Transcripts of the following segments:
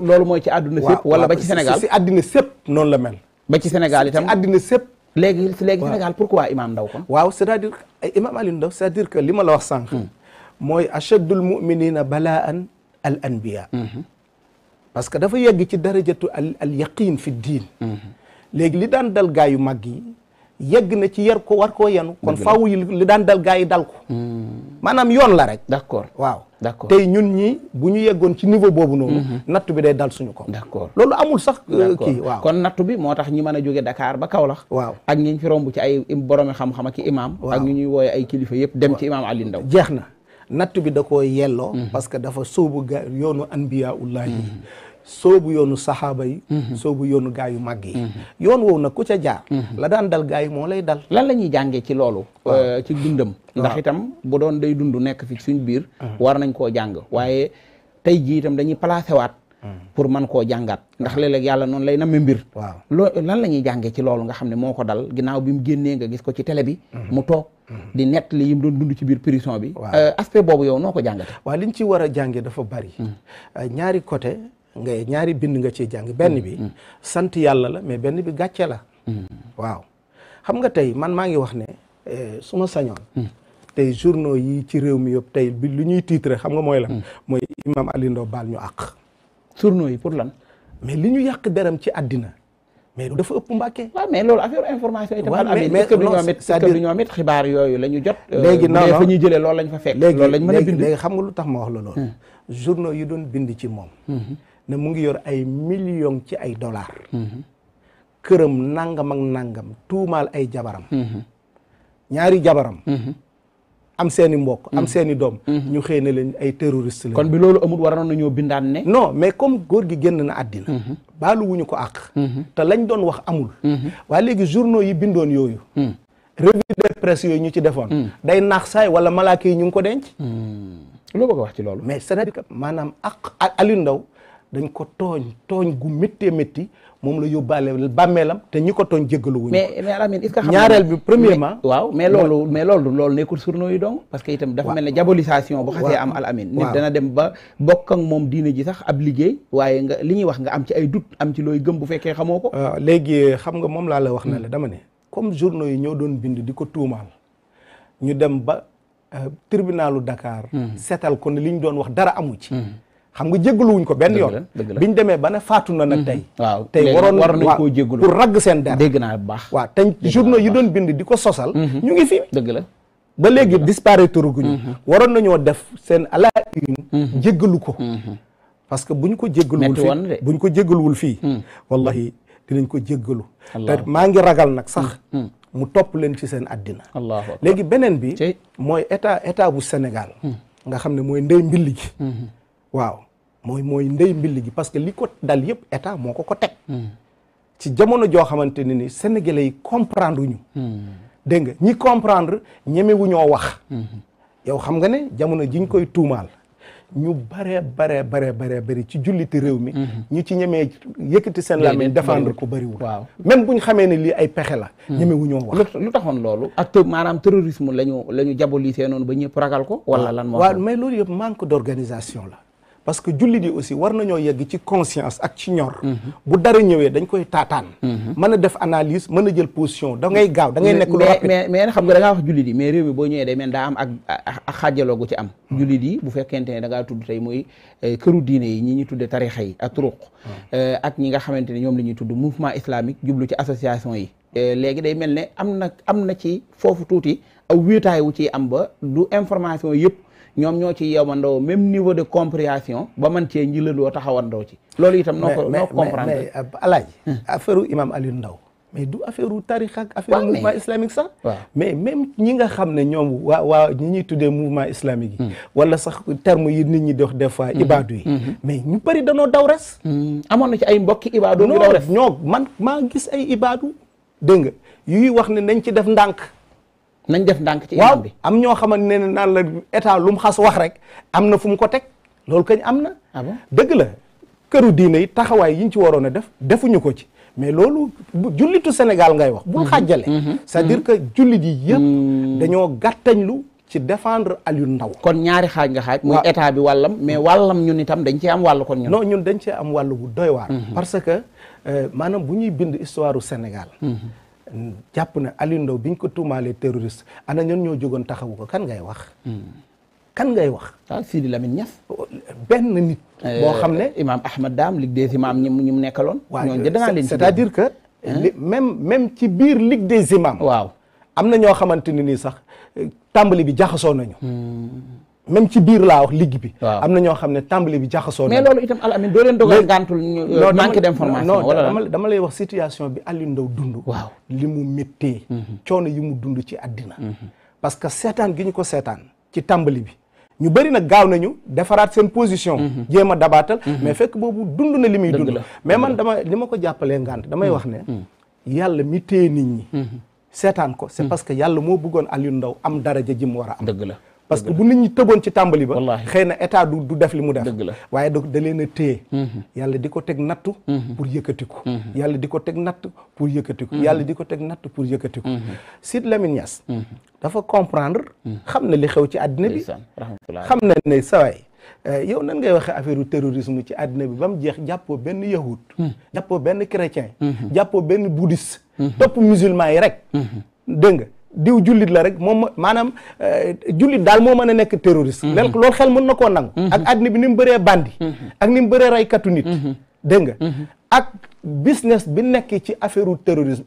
loolu mooy ci àdduna sépp wala ba ci Sénégal si àddina sépp noonu la mel ba ci Sénégal itam si àddina sépp léegi léegi Sénégal pourquoi imam Ndaw kon waaw c'est-à-dire imam Aliou Ndaw cest que li ma la wax sànq hmm. mooy achaddul muminina balaan al anbiya hmm. parce que dafa yegg ci darajatu al al yaqin fi diin hmm. léegi li daan dal gaa yu mag yi yegg na ci yar ko war ko yenu kon faw yi li daan dal gaa yi dal ko hmm. maanaam yoon la rek d'accord waaw d'accord tey ñun ñi bu ñu yeggoon ci niveau boobu noonu hmm. nattu bi day dal suñu ko d'accord loolu amul sax euh, kii waaw kon nattu bi moo tax ñi mën a jóge Dakar ba Kaolack waaw ak ñi fi romb ci ay boromi xam-xam ak imaam ak ñu ñuy wooye ay kilifa yëpp dem ci imaam Alioune Ndao jeex na nattu bi da koo yelloo hmm. parce que dafa sóobu ga yoonu anbiyaullahi soobu yoonu saxaaba yi mhm. soobu yoonu gaa yu màgg yi mhm. yoon woowu na ku ca jaar mhm. la daan dal gaa yi moo lay dal lan la ñuy jàngee ci loolu euh, ci dundam ndax itam bu doon day dund nekk fi suñ biir ah. war nañ koo jàng waaye tey jii itam dañuy placé waat hmm. pour mën koo jàngaat ndax ah. léeg-léeg yàlla noonu lay namme mbir waaw loo lan la ñuy jàngee ci loolu nga xam ne moo ko dal ginnaaw bi mu génnee nga gis ko ci télé bi hmm. mu toog hmm. di nett li yim doon dund ci biir prison bi euh, aspect boobu yow noo ko jàngate waaw liñ ci war a jàngee dafa bari euh, ñaari côté ngay ñaari bind nga ciy jàng benn bi mm-hmm. sant yàlla la mais benn bi gàccee la mm-hmm. waaw xam nga tey man maa ngi wax ne eh, su ma sañoon mm. tey journaux yi ci réew mi yëpp tey bi lu ñuy titre xam nga mooy lan mm. mooy imam Ali baal ñu àq journaux yi pour lan mais li ñu yàq deram ci àddina mais dafa ëpp mbàkkee. waaw mais loolu affaire information yi. waaw mais mais non c'est-à-dire xibaar yooyu la jot. Euh, léegi non non fa ñuy jëlee loolu lañ fa fekk. loolu lañ mën a bind léegi xam nga lu tax ma wax la loolu. Mm. journaux yi doon bind ci moom. Mm-hmm. na mu ngi yor ay millions ci ay dollars. këram nangam ak nangam tuumaal ay jabaram. ñaari jabaram. am seeni mbokk am seeni doom. ñu xëy na leen ay terroriste la. kon bi loolu amul waroon nañoo bindaan ne. non mais comme góor gi génn na àddina. Mhm. baalu ñu ko ak mhm. te lañ doon wax amul. Mhm. waaye léegi journaux yi bindoon yooyu. revue de presse yooyu ñu ci defoon. day naax saay wala malaaka yi ñu ngi ko denc. loo bëgg a wax ci loolu. mais c'est-à-dire que maanaam àq Aliou dañ ko tooñ tooñ gu méttee métti moom la yóbbaale bàmmeelam te ñi ko tooñ jéggaluwuñ mais mais Alamine est-ce ñaareel bi waaw mais loolu mais loolu loolu nekkul journaux yi dong parce que itam dafa mel ne diabolisation bu xasee am Alamine nit dem ba bokk ak moom diine ji sax ab liggéey waaye nga li ñuy wax nga am ci ay doute am ci looy gëm bu fekkee xamoo ko ah, léegi euh, xam nga moom laa la wax na la hmm. dama ne comme journaux yi ñoo doon bind di ko tuumaal ñu dem ba euh, tribunalu dakaar hmm. seetal ko ne li ñu doon wax dara amu ci hmm. xam nga jéggaluwuñ ko benn yoon biñ demee ba ne faatu na nag hmm. tey waaw tey waroon nañ koo jéggalu pour ragg seen der dégg naa bu baax waaw te journaux yu doon bind di ko sosal hmm. ñu ngi fii dëgg la ba léegi disparaître guñu hmm. waroon nañoo def seen à la une jéggalu ko parce que buñ ko jéggaluwul fii ko jéggaluwul fii wallahi dinañ ko jéggalu te maa ngi ragal nag sax mu topp leen ci seen àddina léegi beneen bi mooy état état bu Sénégal nga xam ne mooy ndey mbill gi waaw mooy mooy ndey mbill gi parce que li ko dal yëpp état moo ko ko teg ci jamono joo xamante ne ni sénégalais yi comprendre ñu dégg nga ñi comprendre ñemewu ñoo wax yow xam nga ne jamono jiñ koy tuumaal ñu bare bare bare bare bëri ci julliti réew mi ñu ci ñemee yëkkati seen làmmiñ défendre ko bariwul waaw même ñu xamee ne lii ay pexe la hmm. ñemewu ñoo wax lu taxoon loolu ak maanaam terrorisme lañu la ñu jabolisee noonu ba ñëpp ragal ko wala lan moo waaw mais loolu yëpp manque d'organisation la parce que jullit yi aussi war nañoo yegg ci conscience ak ci ñor. Mhm. bu dara ñëwee dañ koy taataan. Mhm. mën a def analyse mën a jël position da ngay gaaw da ngay nekk lu rapide. mais mais xam nga da ngaa wax jullit yi mais réew mi boo ñëwee day mel daa am gu ci am. Hmm. jullit yi bu fekkente ne da tudd tey mooy eh, këru diine yi ñi ñuy tuddee tarixa yi ak turuq. Hmm. Eh, ak ñi nga xamante ne ñoom la ñuy tudd mouvement islamique jublu ci association yi. Eh, léegi day mel ne am na am na ci foofu tuuti aw wéetaay wu ciy am ba du information yëpp. ñoom ñoo ci yewandoo même niveau de compréhension ba man cee njilandoo taxawandoo ci loolu itam noo ko noo comprendre mais alaaj hmm. affaire imam Alioune ndaw mais du affaire tarixa ak affaire mouvement islamique sax mais même ñi nga xam ne ñoom wa waa ñi ñuy tuddee mouvement islamique yi hmm. wala sax terme yi nit ñi dox des fois hmm. ibaadu yi mais ñu bëri danoo daw res amoon na ci ay mbokki ibaadu daw res ñoo man maa gis ay ibaadu dégg nga yuy wax ne nañ ci def ndànk nañ def ndànk ci imam bi am ñoo xamante ne naan la état lum mu xas wax rek am na fu mu ko teg loolu kañ am na ah dëgg la këru diine yi taxawaay yiñ ci waroon a def defuñu ko ci mais loolu jullitu Sénégal ngay wax bul mhm. xàjjale mhm. c'est-à-dire que julli ji yëpp mhm. dañoo lu ci défendre Alioune ndaw kon ñaari xaaj nga xaaj muy état bi wàllam mais wàllam ñun itam dañ cee am wàll kon ñun non ñun dañ cee am wàll bu doy waar parce que euh, maanaam bu ñuy bind histoire u jàpp na Aliou bi ñu ko tuumaalee terroriste ana ñoon ñoo jógoon taxawu ko kan ngay wax hmm. kan ngay wax ah Sidi Lamine Niass benn nit boo xam ne eh, imam Ahmad Dame Ligue des imams ñi mu nekkaloon waa danaa leen c'est-à-dire que même même ci biir Ligue des imams waaw am na ñoo xamante ne nii sax eh, tàmbali bi jaxasoo nañu hmm. même ci biir laa wax ligg bi. am na ñoo xam ne tàmbali bi jaxasoo. mais loolu itam Al Amine doo leen dogal gàntul euh, manque d'information wala dama lay wax situation bi Aliou Ndao dund. waaw li mu méttee. Mm-hmm. coono yi mu dund ci àddina. Mm-hmm. parce que seetaan gi ñu ko seetaan ci tàmbali bi. ñu bëri nag gaaw nañu defaraat seen position. Mm-hmm. jéem a dabaatal. mais fekk boobu dund na li muy la mais man dama li ma ko jàppalee ngànt damay wax ne. yàlla mi téye nit ñi. seetaan ko c'est parce que yàlla moo bëggoon Aliou Ndao am daraja ji mu war a am. la. parce que bu nit ñi tëboon ci tàmbali ba xëy na état du def li mu def waaye da da leen a téye mm-hmm. yàlla di ko teg nattu mm-hmm. pour yëkkatiku mm-hmm. yàlla di ko teg natt pour yëkkatiku yàlla di ko teg natt pour yëkkatiku Sidy Lamine Niass dafa comprendre xam na li xew ci àddina bi xam na ne sawaay eh, yow nan ngay waxee affaire terrorisme ci àddina bi ba mu jeex jàppoo benn yahud jàppoo benn chrétien jàppoo benn bouddhiste topp musulman yi rek dégg nga diw jullit la rek moom maanaam euh, jullit daal moo mën a nekk terroriste mm-hmm. len loolu xel mën na koo nangu mm-hmm. ak àddina bi ni mu bëree bandi mm-hmm. ak ni mu bëree raykatu nit dégg nga ak business bi nekk ci affaire u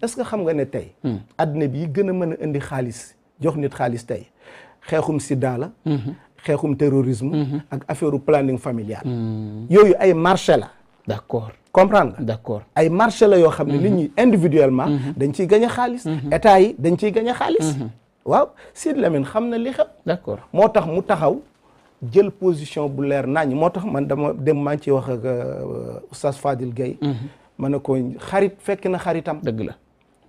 est-ce que xam nga ne tey mm. àddina bi yi gën a mën a indi xaalis jox nit xaalis tey xeexum sida la xeexum terrorisme ak affaire u planning familial mm. yooyu ay marché la d' accord comprendre d' accord ay marché la yoo xam ne nit ñi mhm. individuellement mhm. dañ ciy gañ a xaalis mhm. état yi dañ ciy gañ a xaalis waaw Sidy Lamine xam na li accord moo tax mu taxaw jël position bu leer nañ moo tax man dama dem maa ngi ciy wax ak euh, oustaz Fadil Gueye ma ne ko xarit fekk na xaritam dëgg la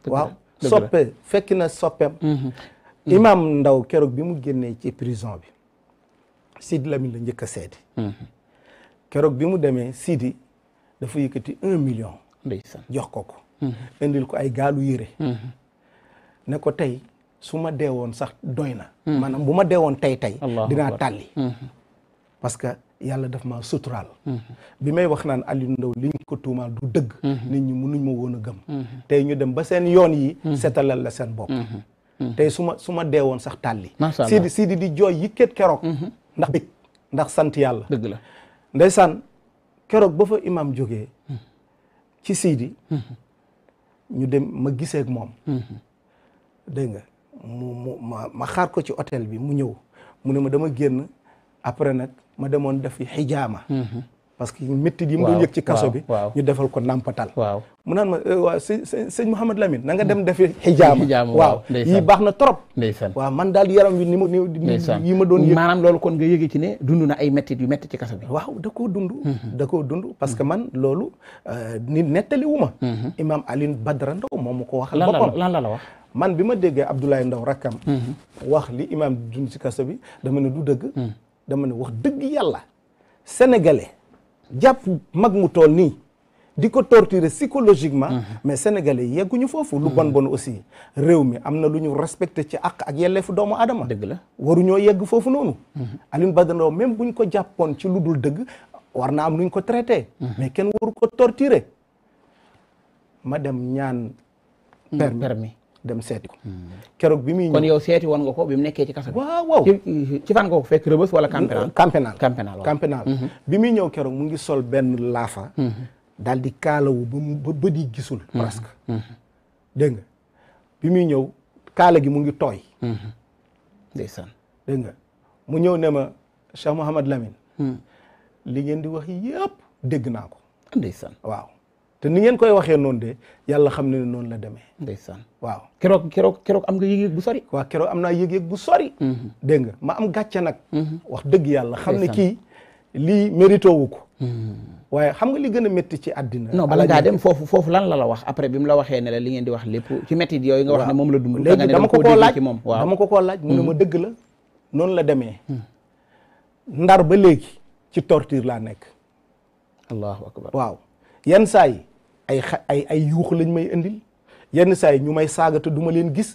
waaw soppe fekk na soppeem imam Ndaw keroog bi mu génnee ci prison bi Sidy Lamine la njëkk a seede keroog bi mu demee Sidy dafa yëkkati un million. ndeysaan jox ko ko. Mm-hmm. indil ko ay gaalu yére. Mm-hmm. ne ko tey su ma dee woon sax doy na. Mm-hmm. maanaam bu ma dee woon tey tey. dinaa tàlli. parce que yàlla daf ma suturaal. bi may wax naan Aliou Ndao liñ ko tuumaal du dëgg. nit ñi mënuñ ma woon a gëm. tey ñu dem ba seen yoon yi. seetalal la seen bopp. tey su ma su ma deewoon sax tàlli. Sidi Sidi di jooy yikket keroog. ndax bëgg ndax sant yàlla. dëgg la ndeysaan keroog ba fa imam jógee hmm. ci siidi hmm. ñu dem ma gisee ak moom hmm. nga mu mu ma ma xaar ko ci hôtel bi mu ñëw mu ne ma dama génn après nag ma demoon def xijaama parce que métti yi mu doon yëg ci kaso bi ñu defal ko nàmpatal waaw mu naan ma euh, waaw sëñ sëñ Mouhamed na nga dem defi mm. xijaama waaw yi baax na trop ndeysaan waaw man daal yaram wi ni ma yi ma doon yëg maanaam loolu kon nga yëge ci ne dund na ay métti yu métti ci kaso bi waaw da koo dund mm-hmm. da koo dund parce que man loolu euh, nit nettali wu ma mm-hmm. imam Alioune Badara Ndao moom ma ko waxal boppam lan la la wax man bi ma déggee Abdoulaye Ndaw rakkam mm-hmm. wax li imam dund ci kaso bi dama ne du dëgg mm. dama ne wax dëgg yàlla sénégalais jàpp mag mu tool nii di ko torturer psychologiquement mhm. mais sénégalais yi yegguñu foofu lu bon mhm. bon aussi réew mi am na lu ñu respecté ci àq ak yelleefu doomu aadama dëgg la waruñoo yegg foofu noonu mhm. Alioune Badara Ndao bu ñu ko jàppoon ci lu dul dëgg war na am lu ñu ko traité mais kenn war ko torturer ma dem ñaan mm, permis dem seeti ko. Hmm. keroog bi muy ñëw kon bi mu nekkee ci kaso bi. fan ko fekk rëbës wala campénal. campénal campénal campénal. Hmm, hmm. bi muy ñëw keroog mu ngi sol benn laafa. daal di kaalawu ba mu ba bëdi gisul. presque dégg bi muy ñëw kaala gi mu ngi tooy. mu ñëw ne ma Cheikh Mouhamad Lamine. li ngeen di wax yëpp dégg naa ko. te ngeen koy waxee noonu de yàlla xam ne noonu la demee. ndeysaan waaw keroog keroog keroog am nga yëg-yëg bu sori. waaw keroog am naa yëg-yëg bu sori. Mhm. dégg nga ma am gàcce nag. Mhm. wax dëgg yàlla xam ne kii lii mérito ko. Mhm. waaye xam nga li gën a metti ci àddina. non bala gaa dem foofu foofu lan la la wax après bi mu la waxee ne la li ngeen di wax lépp ci métti yooyu nga wax ne moom la dund. léegi dama ko koo laaj dama ko koo laaj mu ne ma dëgg la noonu la demee. ndar ba léegi ci torture laa nekk. ay xa ay yuux lañ may indil yenn saa yi ñu may saaga te du leen gis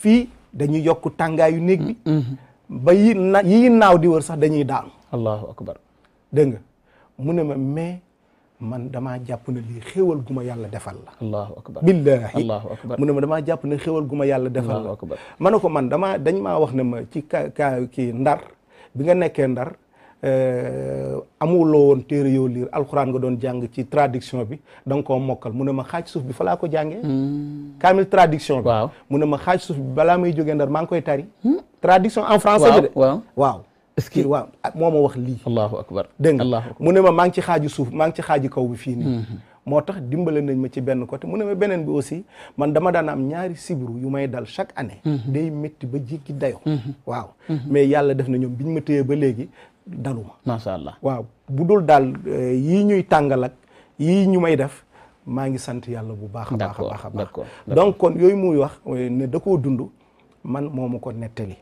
fii dañuy yokk tàngaayu néeg bi. Mm-hmm. ba yi na yi naaw di wër sax dañuy daanu. allahu akbar dégg nga mu ne ma mais man damaa jàpp ne lii xéewal gu ma yàlla defal la. allahu akbar billaahi allahu ne ma damaa jàpp ne xéewal gu yàlla defal la. allahu akbar ma ne ko man damaa dañ maa wax ne ma ci ka ka kii ndar bi nga nekkee ndar. Euh, amuloo woon téere yoo liir alkuraan nga doon jàng ci traduction bi da koo mokkal mu a ma xaaj suuf bi fa laa ko jàngee. Hmm. kaamil traduction bi. waaw mu ne ma xaaj suuf bi balaa may jógee ndar maa ngi koy tari. Hmm. traduction en français bi de. waaw waaw. est-ce que ah, moo ma wax lii. allahu akbar dégg nga mu ne ma maa ngi ci xaaju suuf maa ngi ci xaaju kaw bi fii hmm. moo tax dimbale nañ ma ci benn côté mun ne ma beneen bi aussi man dama daan am ñaari sibiru yu may dal chaque année. day métti ba jéggi dayoo. waaw mais yàlla def na ñoom ñu ma téye ba léegi daluma macha allah waaw bu dul daal eh, yi ñuy tàngalak yi ñu may def maa ngi sant yàlla bu baax a baax a baax a baax donc kon yooyu muy wax eh, ne da koo dund man moo ko nettali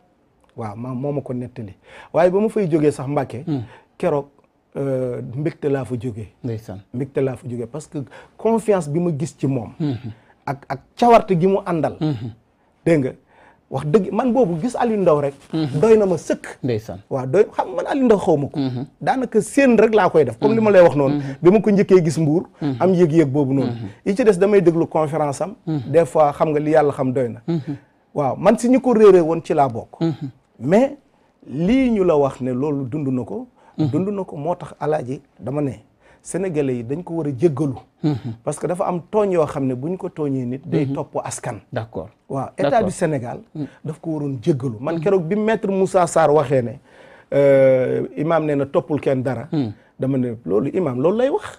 waaw ma moo ma ko nettali waaye ba ma fay jógee sax Mbàkke hmm. keroog eh, mbigte laa fa jógee ndeysaan mbégte laa fa jógee parce que confiance bi ma gis ci moom hmm, hmm. ak ak cawarte gi mu àndal dégg nga wax dëgg man boobu gis Aliou Ndao rek. Mhm. doy na ma sëkk. ndeysaan waaw doy xam man Aliou Ndao xaw ma ko. Mhm. daanaka seen rek laa koy def. comme li ma lay wax noonu. Mhm. bi ma ko njëkkee gis Mbour. am yëg-yëg boobu noonu. yi ci des damay déglu conférence am. des fois xam nga li yàlla xam doy na. waaw man si ñu ko réeree woon ci laa bokk. mais lii ñu la wax ne loolu dund na ko. dund na ko moo tax alaaji dama ne. sénégalais yi dañ ko war a jéggalu mhm. parce que dafa am tooñ yoo xam ne bu ñu ko tooñee nit day mhm. topp askan d'accord waaw état du Sénégal mhm. daf ko waroon jéggalu man keroog bi maître Moussa saar waxee ne euh, imaam nee na toppul kenn dara dama ne loolu imaam loolu lay wax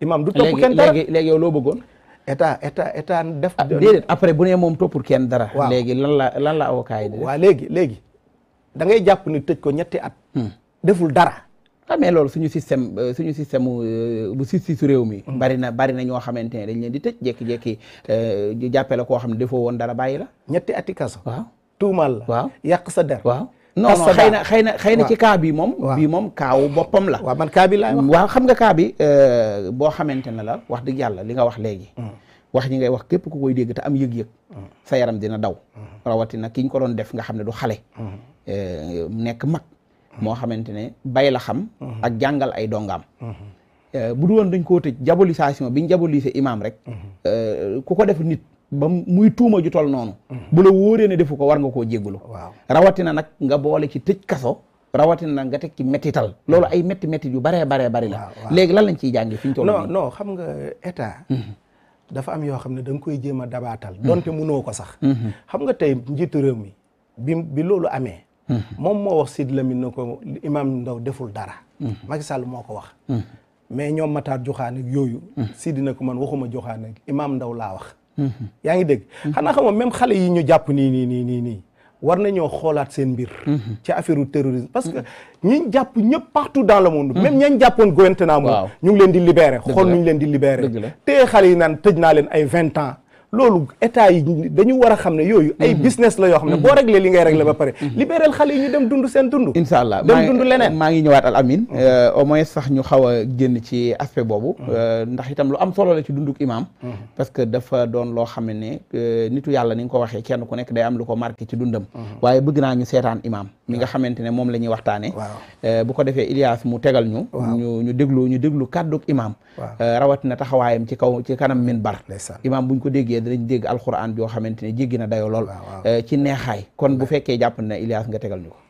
imaam du topp kenn dara bëggoon état état état def ah, déedéet après bu nee moom toppul kenn dara waaw léegi lan la lan la avocat yi waaw léegi léegi da ngay jàpp ni tëj ko ñetti at deful dara Ah, mais loolu suñu système euh, suñu système euh, bu si si su réew mi. Mm. bari na bari na ñoo xamante ne dañ leen di tëj jékki-jékki euh, ñu jàppee koo xam ne defoo woon dara bàyyi la. ñetti ati kaso. waaw tuumaal la. waaw yàq sa der. waaw non non xëy na xëy na xëy na ci cas bi moom. bii moom kaawu boppam la. waaw man bi laa wax. waaw xam nga cas bi boo xamante ne la wax dëgg yàlla li nga wax léegi. Mm. wax ñi ngay wax képp ku koy dégg te am yëg-yëg. Mm. sa yaram dina daw. rawatina ki ñu ko doon def nga xam ne du xale. nekk mag. moo xamante ne bay la xam mhm. ak jàngal ay dongaam mhm. euh, bu du woon dañ ko tëj diabolisation bi ñu diaboliser imaam rek mhm. euh, ku ko def nit ba muy tuuma ju tol noonu bu la wóoree ne defu ko war nga koo jéggulu waaw rawatina nag nga boole ci tëj kaso rawatina nag nga teg ci méttital loolu ay métti métti yu baree baree bari la léegi lan lañ ciy jànge fi ñu toll non xam nga état dafa am yoo xam ne da koy jéem a dabaatal donte mënoo ko sax xam nga tey njiitu réew mi bi bi loolu amee moom moo wax Sidi Lamine na ko imam Ndaw deful dara. Macky Sall moo ko wax. mais ñoom Matar Joxaan ak yooyu. Sidi na ko man waxuma Joxaan ak imam Ndaw laa wax. yaa ngi dégg. xanaa xam nga même xale yi ñu jàpp nii nii nii nii nii war nañoo xoolaat seen mbir. ci affaire terrorisme parce que ñi jàpp ñëpp partout dans le monde. même ñañ jàppoon Guantanamo. ñu ngi leen di libéré. xool ñu leen di libéré. dëgg la te xale yi naan tëj naa leen ay vingt ans. loolu état yi dañu war a xam ne yooyu ay mhm. business la yoo xam ne mhm. boo réglé li ngay réglé ba mhm. pare libéral xale yi ñu dem dund seen dund incha allah dem dund leneen maa ngi ñëwaat al amin euh, au moins sax ñu xaw a génn ci aspect boobu euh, ndax itam lu am solo la ci dunduk imam parce que dafa doon loo xam ne euh, nitu yàlla ni nga ko waxee kenn ku nekk day am lu ko marqué ci dundam waaye bëgg naa ñu seetaan imam mi nga xamante ne moom la ñuy waxtaane euh, bu ko defee Ilias mu tegal ñu ñu ñu déglu ñu déglu kàdduk imaam euh, rawatina taxawaayam ci kaw ci kanam minbar imaam buñ ko déggee dinañ dégg alxuraan joo xamante ne jéggi na dayo lool euh, ci neexaay kon bu fekkee jàpp na Ilias nga tegal ñu ko